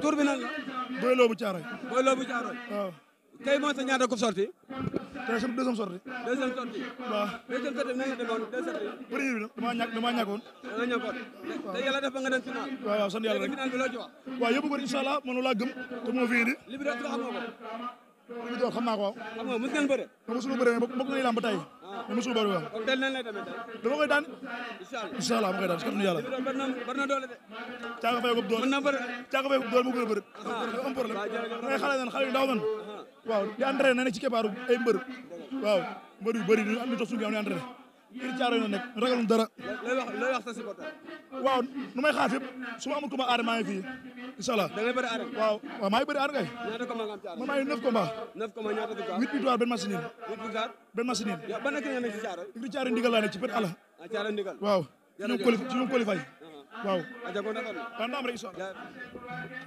tur bi nan la. Boy Lo bu Caaroy. Boy Lo bu Caaroy. waaw. tey moo sa ñaata ko sorti. tey sama deuxième sorti. deuxième sorti. waaw deuxième sorti nan nga defoon deuxième sorti. premier bi nag damaa ñàkk damaa ñàkkoon. damaa ñàkkoon. te yàlla def ba nga dem final. waaw waaw sant yàlla rek final bi loo ci wax. waaw yëpp bëri incha allah man laa gëm te moo fi indi. li bi doon xam nga ko. li bi doon xam naa ko waaw. xam nga mos ngeen bëre. mosul bëre mais bokk nañu làmb tey ma mosul bëri waaw. kon danañ lay demee dama koy daan. incha allah incha allah ma koy daan si kàttanu yàlla. bari na doole de. caaga fay ko doole mën na bëri. a da ngay xale nan xale yu ndaw nan. waaw di entraîné na ne ci keppaaru ay mbër. waaw mbër yu bëri ñu am lu tax biir caaro yi nekk ragalum dara. looy wax looy wax sa supporter. waaw nu may xaar fépp ma amul combat aare maa ngi da ngay bëri aare. waaw waaw maa ngi bëri aare kay. ma combat nga am caaro. man maa ngi neuf combat. neuf combat ñaata benn machine. benn machine. yow ban ndigal laa nekk ci pët àll. Ah, waaw. ci ñoom qualifié uh-huh. waaw. Ah, ndaam rek incha allah